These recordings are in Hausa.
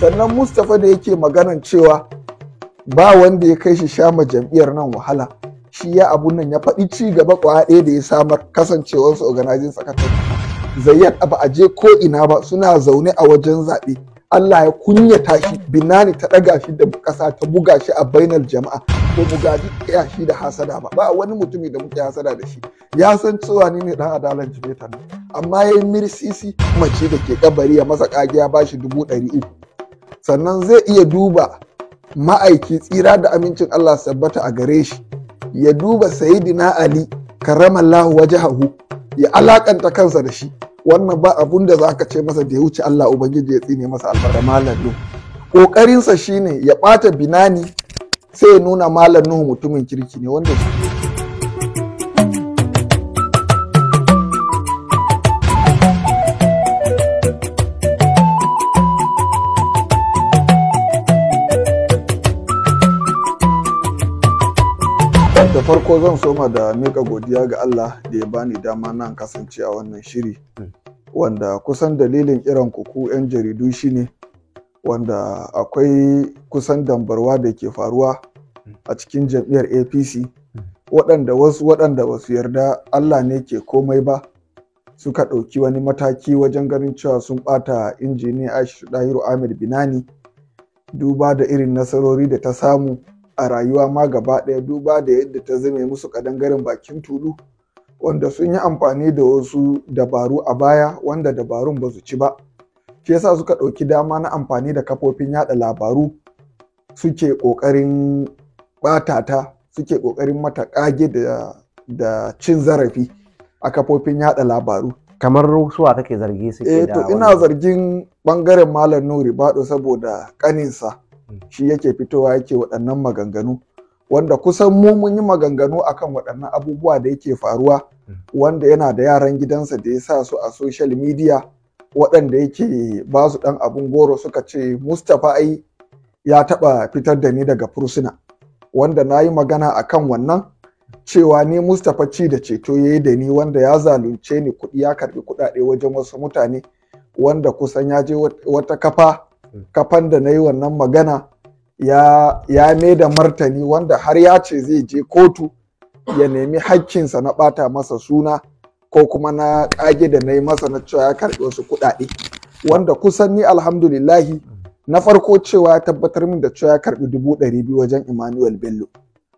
sannan mustapha da yake maganan cewa ba wanda ya kai shi shama jam'iyyar nan wahala shi ya abun nan ya faɗi ci gaba kwa ɗaya da ya samar kasancewar su organizing secretary zayyad ba a je ko ina ba suna zaune a wajen zaɓe Allah ya kunyata shi binani ta ɗaga shi da ƙasa ta buga shi a bainar jama'a ko bugaji ɗaya shi da hasada ba ba wani mutumi da muke hasada da shi ya san cewa ni ne ɗan adalan jimeta amma ya yi mirsisi mace da ke kabari ya masa kagiya ba shi dubu ɗari uku sannan zai iya duba ma'aiki tsira da amincin Allah sabbata a gare shi ya duba sayidina Ali waje wajahahu ya alakanta kansa da shi wannan ba abun da za ka ce masa da ya wuce Allah ubangiji ya tsine masa albarka malam Nuhu ƙoƙarinsa shine ya ɓata binani sai ya nuna malam Nuhu mutumin kirki ne wanda shi farko zan soma da mika godiya ga Allah da ya bani dama nan kasance a wannan shiri hmm. wanda kusan dalilin irin kuku 'yan jaridu shine wanda akwai kusan dambarwa da ke faruwa a cikin jam'iyyar apc hmm. waɗanda wasu waɗanda ba su yarda allah ne ke komai ba suka ɗauki wani mataki wajen ganin cewa sun ɓata injiniya aishu dahiru ahmed binani duba da irin nasarori da ta samu a rayuwa ma gaba ɗaya duba da yadda ta zame musu kadangaren bakin tulu wanda sun yi amfani da wasu dabaru a baya wanda dabarun ba su ci ba shi yasa suka ɗauki dama na amfani da kafofin yada labaru suke ƙoƙarin ɓata suke ƙoƙarin mata ƙage da, da cin zarafi a kafofin yada labaru kamar ruwa take zargi suke eh da to ina zargin ɓangaren malam nuri baɗo saboda ƙaninsa shi yake fitowa yake waɗannan maganganu wanda kusan mu mun yi maganganu akan waɗannan abubuwa da yake faruwa mm. wanda yana da yaran gidansa da ya sa su a social media waɗanda yake ba su ɗan abun goro suka ce mustapha ai ya taɓa fitar da ni daga fursuna wanda na yi magana akan wannan cewa ni mustapha ci da ceto ya yi da ni wanda ya zalunce ni kuɗi ya karɓi kuɗaɗe wajen wasu mutane wanda kusan ya je wata kafa kafan da na yi wannan magana ya, ya da martani wanda har ya ce zai je kotu ya nemi hakkinsa na ɓata masa suna ko kuma na ƙage da na yi masa na cewa ya karɓi wasu kuɗaɗe wanda kusan ni alhamdulillahi na farko cewa ya tabbatar min da cewa ya karɓi dubu ɗari biyu wajen Emmanuel Bello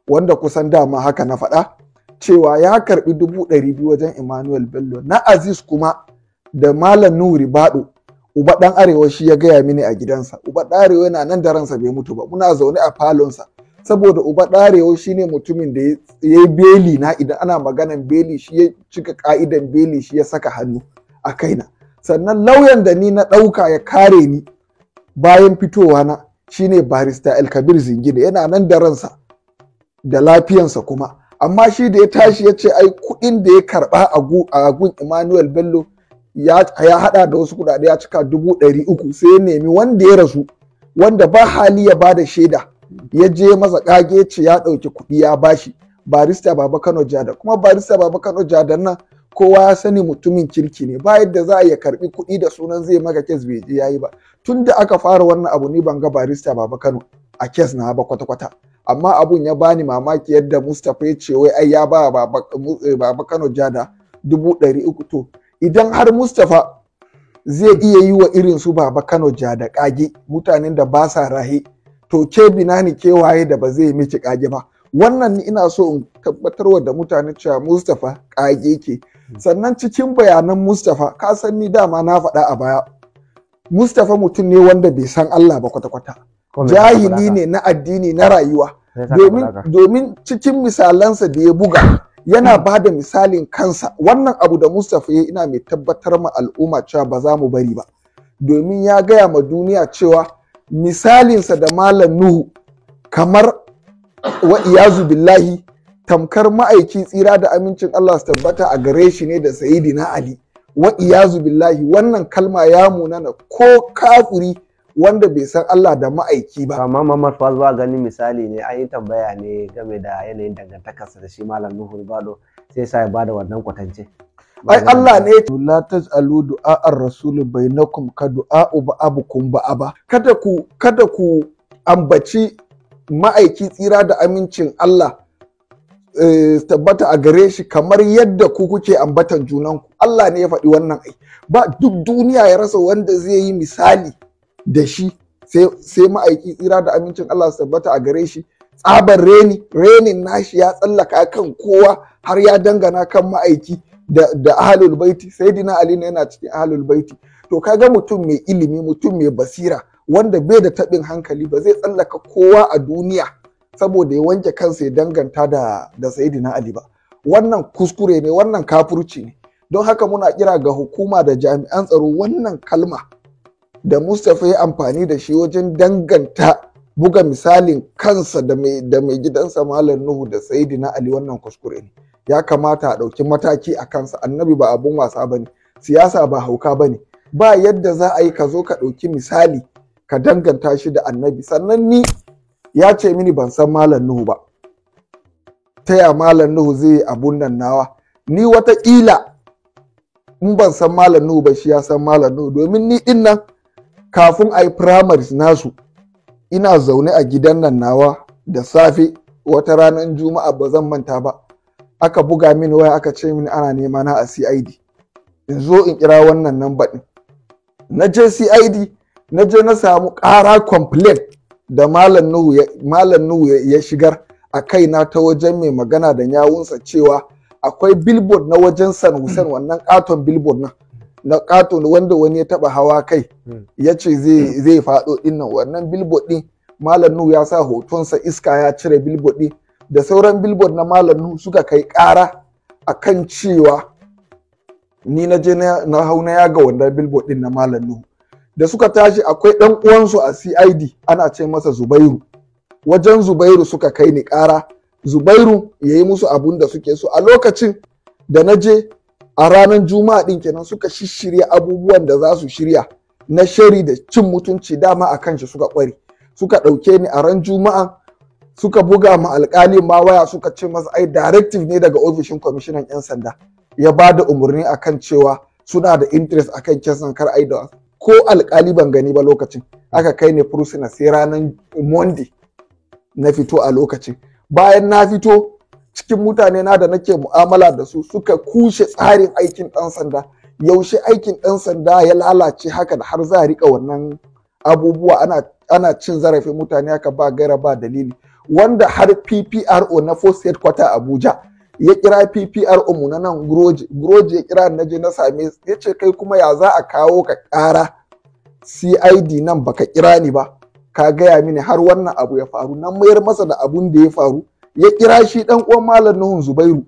wanda kusan dama haka na faɗa cewa ya karɓi dubu ɗari biyu wajen Emmanuel Bello na Aziz kuma da Malam Nuri Baɗo uba dan arewa shi ya gaya mini a gidansa uba dan arewa yana nan da ransa bai mutu ba muna zaune a falonsa saboda uba dan arewa shine mutumin da ya yi beli na idan ana maganan beli shi ya cika ka'idan beli shi ya saka hannu a kaina sannan lauyan da ni na ɗauka ya kare ni bayan fitowa na shine barista Elkabir Zingine yana nan da ransa da lafiyansa kuma amma shi da ya tashi ya ce ai kuɗin da ya karɓa a gun Emmanuel Bello ya hada da wasu kudade ya cika dubu ɗari uku sai ya nemi wanda ya rasu wanda ba hali ya bada da shaida ya je masa kage ce ya ɗauki kuɗi ya bashi barista baba kano jada kuma barista baba kano jada nan kowa ya sani mutumin kirki ne ba yadda za a ya karbi kuɗi da sunan zai maka kes bai je yayi ba Tunda aka fara wannan abu ni ban ga barista baba kano a kes na ba kwata-kwata amma abun ya bani mamaki yadda mustapha ya ce wai ai ya ba baba eh, kano jada dubu ɗari uku to idan har mustapha zai iya yi wa irin su baba kano ja da kage mutanen da ba sa rahe to ke binani ke waye da ba zai miki kage ba wannan ina so in tabbatarwa da mutane cewa mustapha kage ke hmm. sannan cikin bayanan mustapha ka san ni dama na faɗa a baya mustapha mutum ne wanda bai san allah ba kwata-kwata jahili ne na addini na rayuwa domin cikin misalansa da ya buga yana ba da misalin kansa wannan abu da Mustapha ya ina mai tabbatar ma al'umma cewa ba za mu bari ba domin ya gaya ma duniya cewa misalinsa da malam Nuhu kamar wa iyazu billahi tamkar ma'aiki tsira da amincin Allah su tabbata a gare shi ne da sayidina Ali wa iyazu billahi wannan kalma ya munana ko kafiri wanda bai san Allah da ma'aiki ba amma Muhammad fa zuwa gani misali ne an yi tambaya ne game da yanayin dangantakarsa da shi malam Nuhu Ribado sai sa ya bada wannan kwatance ai Allah ne la taj'alu du'a'ar rasul bainakum ka du'a'u ba'abukum ba'aba kada ku kada ku ambaci ma'aiki tsira da amincin Allah eh, tabbata a gare shi kamar yadda ku kuke ambatan junanku Allah ne ya faɗi wannan ai ba duk duniya ya rasa wanda zai yi misali da shi sai ma'aiki tsira da amincin Allah su tabbata a gare shi tsabar reni renin nashi ya tsallaka kan kowa har ya dangana kan ma'aiki da, ahalul baiti saidina ali ne yana cikin ahalul baiti to kaga mutum mai ilimi mutum mai basira wanda bai da taɓin hankali ba zai tsallaka kowa a duniya saboda ya wanke kansa ya danganta da da saidina ali ba wannan kuskure ne wannan kafurci ne don haka muna kira ga hukuma da jami'an tsaro wannan kalma da Mustapha ya amfani da shi wajen danganta buga misalin kansa da mai gidansa Malam Nuhu da saidi na Ali wannan kuskure ne. Ya kamata a ɗauki mataki a kansa annabi ba abun wasa ba ne, siyasa ba hauka ba ne. Ba yadda za a yi ka zo ka ɗauki misali ka danganta shi da annabi sannan ni ya ce mini ban san Malam Nuhu ba. Taya Malam Nuhu zai yi abun nan nawa. Ni wataƙila in ban san Malam Nuhu ba shi ya san Malam Nuhu domin ni ɗin kafin a yi primaries nasu ina zaune a gidan nan nawa da safe wata ranar juma'a ba zan manta ba aka buga mini waya aka ce mini ana nema na a cid in zo in kira wannan nan baɗin na je cid na je na samu ƙara complaint da malam nuhu ya shigar a kaina ta wajen mai magana da yawunsa cewa akwai billboard na wajen san wannan katon billboard nan na kato wanda wani ya taba hawa kai hmm. ya ce zai hmm. faɗo dinnan wannan billboard din malam nu ya sa hotonsa iska ya cire billboard din da sauran billboard na malam nu suka kai ƙara kan cewa ni na je na hau na yaga wannan billboard din na malam nu da suka tashi akwai ɗan uwansu a CID ana ce masa Zubairu wajen Zubairu suka kai ni ƙara Zubairu ya yi musu abun da suke so a lokacin da na je a ranar juma'a din kenan suka shishirya abubuwan da za su shirya na shari da cin mutunci dama a kan shi suka kware suka ɗauke ni a ran juma'a suka buga ma alƙali ma waya suka ce masa ai directive ne daga ofishin kwamishinan 'yan sanda ya ba da umarni akan cewa suna da interest akan kisan kar ai da ko alƙali ban gani ba lokacin aka kai ni fursuna sai ranar monday na fito a lokacin bayan na fito cikin mutane na da nake mu'amala da su suka kushe tsarin aikin ɗan sanda yaushe aikin ɗan sanda ya lalace haka da har za a riƙa wannan abubuwa ana, ana cin zarafin mutane haka ba gaira ba dalili wanda har PPRO na Force Headquarter Abuja ya kira PPRO mu na nan Groje Groje ya kira na je na same ya ce kai kuma ya za a kawo ka ƙara CID nan baka kira ni ba ka gaya mini har wannan abu ya faru na mayar masa da abun da ya faru ya kira shi dan uwan malam nuhun zubairu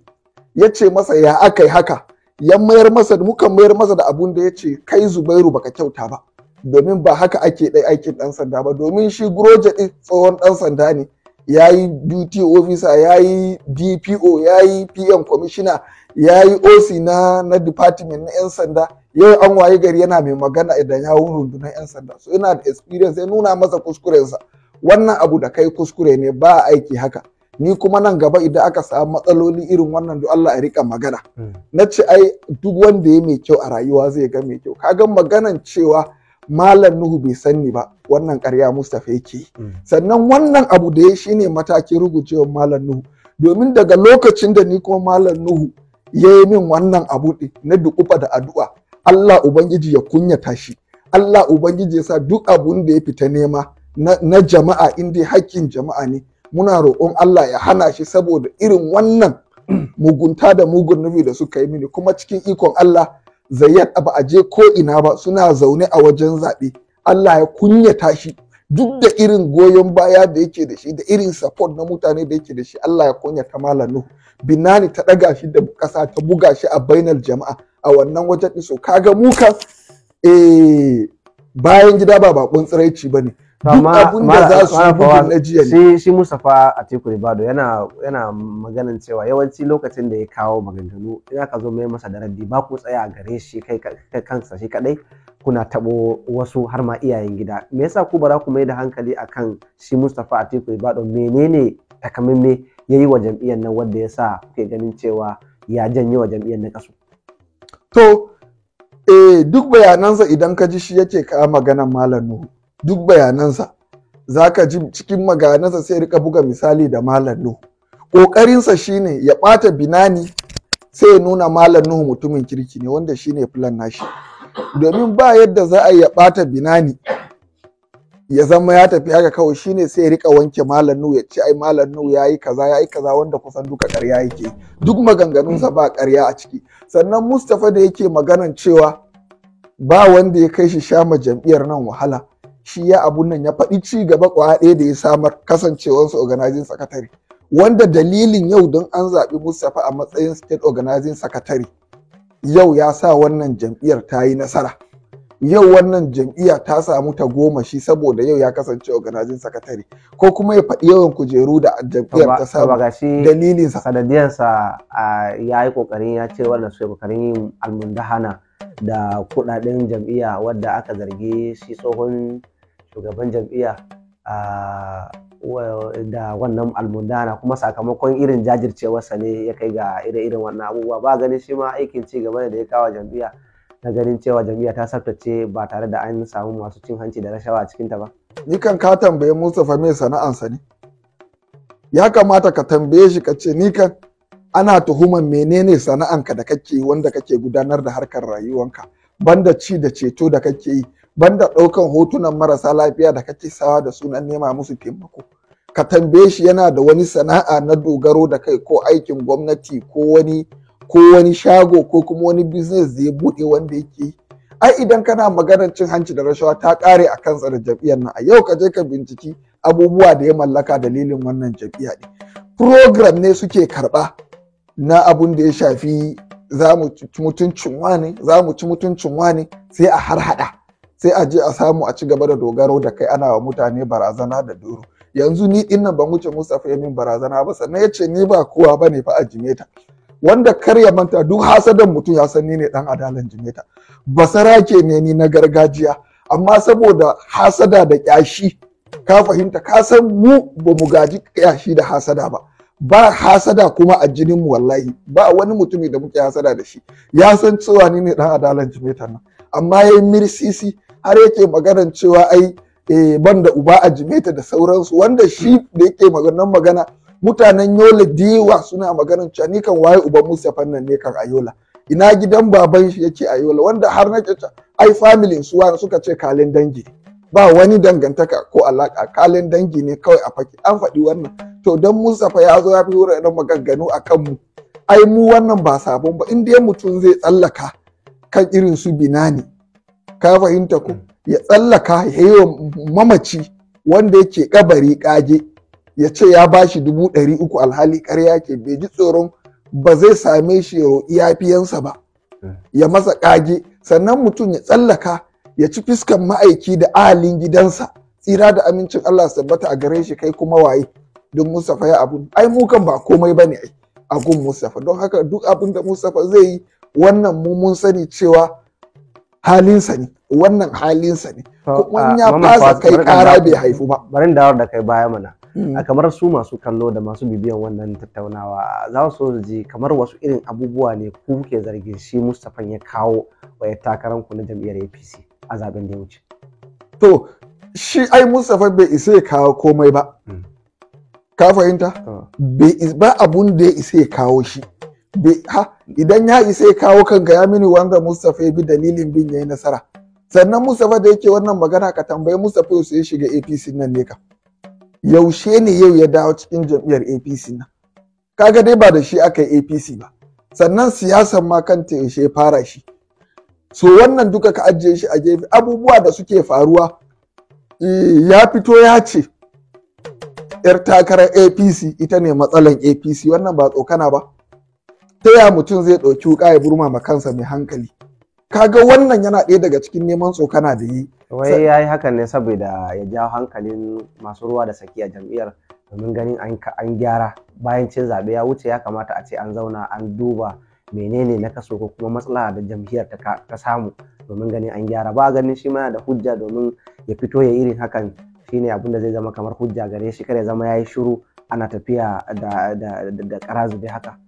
ya ce masa ya aka yi haka ya mayar masa muka mayar masa da abun da ya ce kai zubairu baka kyauta ba domin ba haka ake ɗai aikin ɗan sanda ba domin shi guroje ɗin tsohon ɗan sanda ne ya yi duty officer ya yi dpo ya yi pm commissioner ya yi oc na na department na 'yan sanda yau an waye gari yana mai magana idan ya wuri rundunar 'yan sanda so yana da experience ya nuna masa kuskurensa wannan abu da kai kuskure ne ba aiki haka ni kuma nan gaba idan aka sa matsaloli irin wannan da Allah ya rika magana hmm. na ce ai duk wanda ya mai kyau a rayuwa zai ga mai kyau kaga maganan cewa malam nuhu bai sanni ba wannan ƙarya mustafa yake hmm. sannan wannan abu da ya shine matakin rugujewar malam nuhu domin daga lokacin da ni kuma malam nuhu ya yi min wannan abu ɗin na dukufa da addu'a Allah ubangiji ya kunyata shi Allah ubangiji ya sa duk abun da ya fita nema na jama'a in dai hakkin jama'a ne muna roƙon Allah ya hana shi saboda irin wannan mugunta da mugun nufi da suka yi mini kuma cikin ikon Allah zayyad ba a je ko ina ba suna zaune a wajen zaɓe Allah ya kunyata shi duk da irin goyon baya da yake da shi da irin support na mutane da yake da shi Allah ya kunyata malam Nuhu Binani ta ɗaga shi da ƙasa ta buga shi a bainal jama'a a wannan wajen iso kaga muka eh bayan gida ba bakon tsiraici bane duk abin za su bugun na shi Mustapha Atiku Ribado yana yana maganan cewa yawanci lokacin da ya kawo maganganu in aka zo mai masa daradi ba ku tsaya gare shi kai kansa shi kadai kuna tabo wasu har ma iyayen gida me yasa ku bara ku mai da hankali akan shi Mustapha Atiku Ribado menene ya yayi wa jam'iyyar nan wanda yasa kuke ganin cewa ya janye wa jam'iyyar na kasu to eh duk bayanansa idan ka ji shi yake ka magana malam Nuhu duk bayanansa za ka ji cikin maganansa sai rika buga misali da malam nuhu ƙoƙarinsa shine ya ɓata binani sai ya nuna malam nuhu mutumin kirki ne wanda shine plan nashi domin ba yadda za a ya ɓata binani ya zama ya tafi haka kawai shine sai ya rika wanke malam nuhu ya ce ai malam nuhu yayi kaza yayi kaza wanda kusan duka ƙarya yake duk maganganunsa ba ƙarya a ciki sannan Mustapha da yake maganan cewa ba wanda ya kai shi shama jam'iyyar nan wahala shi ya abun nan ya faɗi ci gaba kwa ɗaya da ya samar kasancewarsa organizing secretary wanda dalilin yau don an zaɓi Mustapha a matsayin state organizing secretary yau ya sa wannan jam'iyyar ta yi nasara yau wannan jam'iyya ta samu ta goma shi saboda yau ya kasance organizing secretary ko kuma ya faɗi yawan kujeru da jam'iyyar ta samu dalilin sa sa ya yi kokarin ya ce wannan su kokarin yin almundahana da kudaden jam'iyya wadda aka zargi shi tsohon shugaban jam'iyya da wannan almundana kuma sakamakon irin jajircewarsa ne ya kai ga ire-iren wannan abubuwa ba ganin shi ma aikin ci gaba da ya kawo jam'iyya na ganin cewa jam'iyya ta tsaftace ba tare da an samu masu cin hanci da rashawa a cikinta ba. Nikan ka tambaye Mustapha mai sana'ansa ne. Ya kamata ka tambaye shi ka ce nikan ana tuhuman menene sana'anka da kake wanda kake gudanar da harkar rayuwanka banda ci da ceto da kake yi banda ɗaukan hotunan marasa lafiya da kake sawa da sunan nema musu taimako ka tambaye shi yana da wani sana'a na dogaro da kai ko aikin gwamnati ko wani ko wani shago ko kuma wani business da ya buɗe wanda yake yi ai idan kana maganar cin hanci da rashawa ta kare a kan da jam'iyyar nan a yau ka je ka binciki abubuwa da ya mallaka dalilin wannan jam'iyya ne program ne suke karɓa na abun da ya shafi za mu ci mutuncin wane za mu ci mutuncin wane sai a harhaɗa sai a je a samu a ci gaba da dogaro da kai ana wa mutane barazana da doro yanzu ni din nan ban wuce Mustapha ya min barazana ba sannan yace ni ba kowa bane fa a jimeta wanda kar ya manta duk hasadan mutum ya san ni ne dan adalan jimeta basarake ne ni na gargajiya amma saboda hasada da kyashi ka fahimta ka san mu ba mu gaji kyashi da hasada ba ba hasada kuma a jinin mu wallahi ba wani mutumi da muke hasada da shi ya san cewa ni ne dan adalan jimeta nan amma yayin mirsisi har yake maganan cewa ai e, ban da uba a jimeta da sauransu wanda shi da yake maganan magana mutanen yola diwa suna maganar cewa ni kan waye uban musa fannan ne kan ayola ina gidan baban shi yake ayola wanda har na cewa ai familin su wani suka ce kalin dangi ba wani dangantaka ko alaka kalin dangi ne kawai a faki an faɗi wannan to don musafa ya zo ya fi wuraren maganganu a mu ai mu wannan ba sabon ba in ya mutum zai tsallaka kan irin su binani ka fahimta ko ya tsallaka ya yi wa mamaci wanda yake kabari kage ya ce ya ba shi dubu ɗari uku alhali karya ke bai ji tsoron ba zai same shi ya roƙi yafiyansa ba ya masa kage sannan mutum ya tsallaka ya ci fiskan ma'aiki da ahalin gidansa tsira da amincin Allah sabbata a gare shi kai kuma waye don Mustapha ya abu ai mu kan ba komai bane ai a gun Mustapha don haka duk abinda da Mustapha zai yi wannan mu mun sani cewa halinsa ne wannan halinsa ne kuma ya fasa kai kara bai haifu ba barin dawar da kai baya mana hmm. a kamar su masu kallo da masu bibiyan wannan tattaunawa za su ji kamar wasu irin abubuwa ne ku ke zargin shi Mustapha ya kawo wa takarar ku na jam'iyyar APC a zaben da ya wuce to shi ai Mustapha bai isa ya kawo komai ba hmm. ka fahimta ba abun da ya isa ya kawo shi Ha? idan ya isa ya kawo kanka ya mini wanga Mustapha bi dalilin bin yayi nasara sannan Mustapha da yake wannan magana ka tambayi Mustapha su ya shiga APC nan ne ka yaushe ne yau ya dawo cikin jam'iyyar APC nan kaga dai ba da shi aka yi APC ba sannan siyasan ma kanta ya she fara shi so wannan duka ka ajiye shi a gefe abubuwa da suke faruwa eh, ya fito ya ce 'yar takarar apc ita ne matsalan apc wannan ba tsokana ba ta ya mutum zai ɗauki wuƙa ya burma ma kansa mai hankali kaga wannan yana ɗaya daga cikin neman tsokana da yi wai ya yi hakan ne saboda ya ja hankalin masu ruwa da saki a jam'iyyar domin ganin an gyara bayan cin zaɓe ya wuce ya kamata a ce an zauna an duba menene na kaso ko kuma matsala da jam'iyyar ta samu domin ganin an gyara ba ganin shi ma da hujja domin ya fito ya irin hakan shine abin da zai zama kamar hujja gare shi kare zama ya yi shiru ana tafiya da da da, da, haka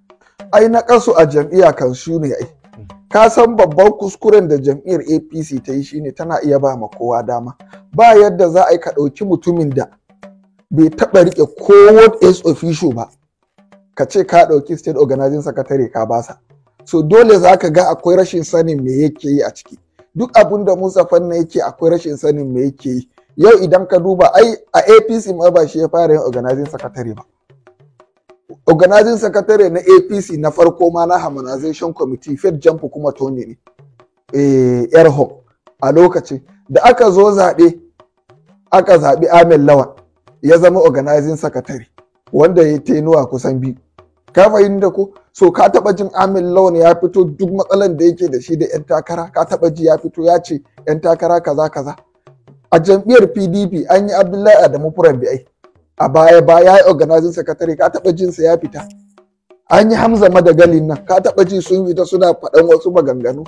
ai na kasu a jam'iyya kan su ne ai mm. ka san babban kuskuren da jam'iyyar apc ta yi shine tana iya ba ma kowa dama ba yadda za a yi ka ɗauki mutumin da bai taɓa riƙe kowa as official ba ka ce ka ɗauki state organizing secretary ka basa so dole za ka ga akwai rashin sanin me yake yi a ciki duk abin da musa fanna yake akwai rashin sanin me yake yi yau idan ka duba ai a apc ma ba shi ya fara yin organizing secretary ba organizing secretary na apc na farko ma na harmonization committee fed jump kuma tony ne eh erho a lokacin da aka zo zaɓe aka zaɓi amin lawan ya zama organizing secretary wanda ya tenuwa kusan biyu ka fahimta ku? so ka taba jin amin lawan ya fito duk matsalan da yake da shi da yan takara ka taba ji ya fito ya ce yan takara kaza kaza a jam'iyyar pdp an yi abdullahi adamu furan ai a baya ba ya yi organizing secretary ka taɓa jinsa ya fita an yi hamza madagalin nan ka taɓa ji sun fita suna faɗan wasu maganganu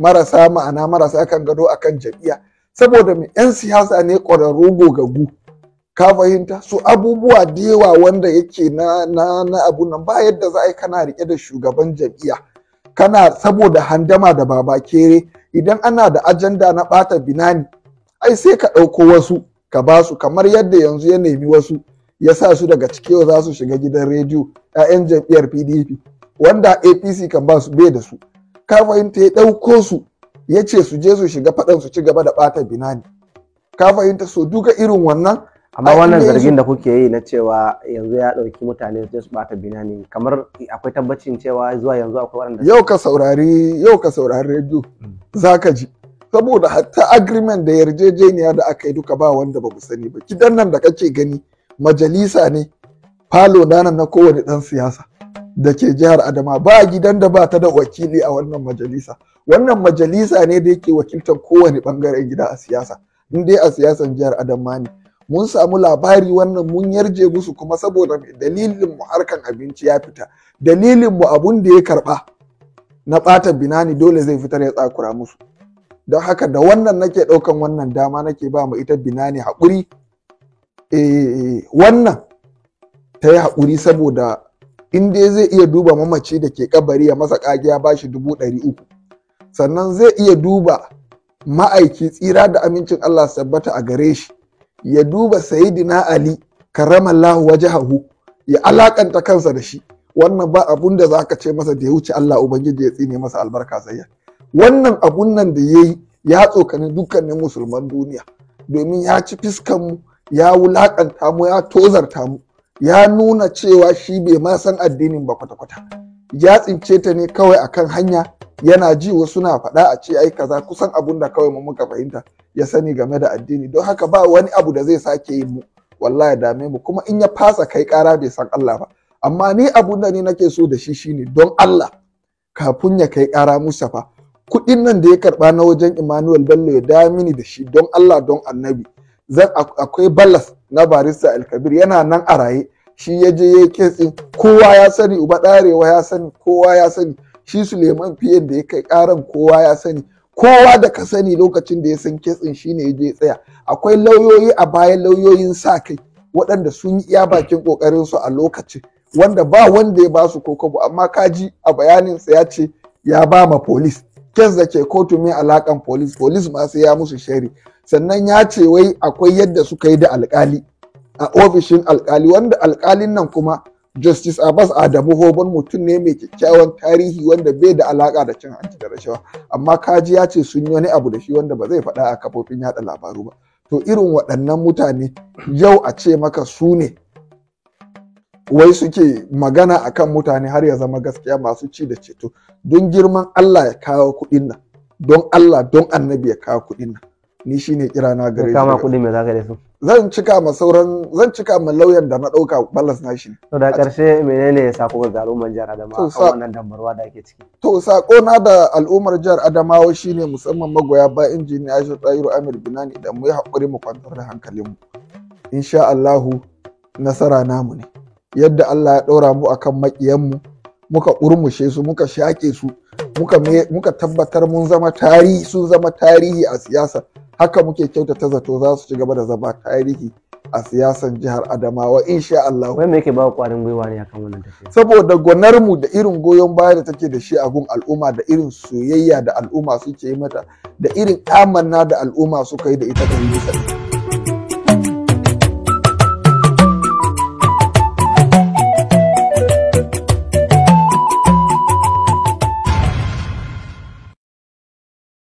marasa ma'ana marasa kan gado akan jam'iyya saboda mai 'yan siyasa ne ƙwararru gogagu ka fahimta su abubuwa da yawa wanda yake na na na abu nan ba yadda za a yi kana riƙe da shugaban jam'iyya kana saboda handama da baba kere idan ana da ajanda na ɓata binani ai sai ka ɗauko wasu ka ba su kamar yadda yanzu ya nemi wasu ya sa su daga yau za su shiga gidan rediyo yan jam'iyyar pdp wanda apc kan ba su bai da su ka fahimta ya ɗauko su ya ce su je su shiga faɗan su ci gaba da ɓata binani ka fahimta so duka irin wannan amma wannan zargin da kuke yi na cewa yanzu ya ɗauki mutane su su ɓata binani kamar akwai tabbacin cewa zuwa yanzu akwai waɗanda yau ka saurari yau ka saurari rediyo hmm. zaka ji saboda hatta agreement da yarjejeniya da aka yi duka ba wanda ba mu sani ba gidan nan da kake gani majalisa ne falo nanan na kowane ɗan siyasa da ke jihar adama ba gidan da ba ta da wakili a wannan majalisa wannan majalisa ne da yake wakiltar kowane ɓangaren gida a siyasa in dai a siyasan jihar adama ne mun samu labari wannan mun yarje musu kuma saboda dalilin mu harkan abinci ya fita dalilin mu abun da ya karba na ɓata binani dole zai fitar ya tsakura musu don haka da wannan nake ɗaukan wannan dama nake ba mu ita binani haƙuri Eh, wannan ta yi haƙuri saboda inda zai iya duba mamaci da ke kabari ya masa ƙage ya shi dubu ɗari uku sannan zai iya duba ma'aiki tsira da amincin Allah sabbata a gare shi ya duba sayidina Ali waje wajahahu ya alakanta kansa da shi wannan ba abun da zaka ce masa da ya wuce Allah ubangiji ya tsine masa albarka sayya wannan abun nan da yayi ya tsokani dukkanin musulman duniya domin ya ci fiskan mu ya wulakanta mu ya tozarta mu ya nuna cewa shi bai ma san addinin ba kwata-kwata ya tsince ta ne kawai akan hanya yana ji wasu na faɗa a ce ai kaza kusan abun da kawai mu muka fahimta ya sani game da addini don haka ba wani abu da zai sake yi mu wallahi dame mu kuma in ya fasa kai ƙara bai san Allah ba amma ni abun da ni nake so da shi shine don Allah kafin ya kai ƙara fa. kuɗin nan da ya karɓa na wajen Immanuel Bello ya da mini da shi don Allah don Annabi akwai ballas na barista alkabir yana nan a raye shi ya je ya ketsi kowa ya sani uba ɗarewa ya sani kowa ya sani shi suleiman fiye da ya kai ƙaran kowa ya sani kowa da ka sani lokacin da ya san shi shine ya je tsaya akwai lauyoyi a bayan lauyoyin sa kai waɗanda sun yi iya bakin ƙoƙarin su a lokacin wanda ba wanda ya ba su kokobo amma kaji a bayaninsa ya ce ya ba ma polis kes da ke kotu mai alakan polis polis ma sai ya musu shari sannan ya ce wai akwai yadda suka yi da alkali a ofishin alkali wanda alkalin nan kuma justice abbas adamu hoban mutum ne mai kyakkyawan tarihi wanda bai da alaka da cin hanci da rashawa amma kaji ya ce sun yi wani abu da shi wanda ba zai faɗa a kafofin yada labaru ba to irin waɗannan mutane yau a ce maka su ne wai suke magana akan mutane har ya zama gaskiya masu ci da ceto don girman allah ya kawo kuɗin nan don allah don annabi ya kawo kuɗin nan ni shi ne kira na gare shi kama kuɗi me zaka da su zan cika ma sauran zan cika ma lauyan da na ɗauka ballas na shi to da ƙarshe menene ya sako ga al'ummar jihar Adamawa a wannan dambarwa da ake ciki to sako na da al'ummar jihar Adamawa shine musamman magoya ba injiniya Ashir Tsayiru Amir Binani da mu yi haƙuri mu kwantar da hankalinmu insha Allahu nasara namu ne yadda Allah ya ɗora mu akan maƙiyanmu muka urmushe su muka shaƙe su muka tabbatar mun zama tarihi sun zama tarihi a siyasa haka muke kyautata zato za su ci gaba da zama tarihi a siyasan jihar Adamawa insha Allah. Wai me yake ba kwarin gwiwa ne akan wannan tafiya? Saboda gonar mu da irin goyon baya da take da shi a gun al'umma da irin soyayya da al'umma suke yi mata da irin amanna da al'umma suka yi da ita kan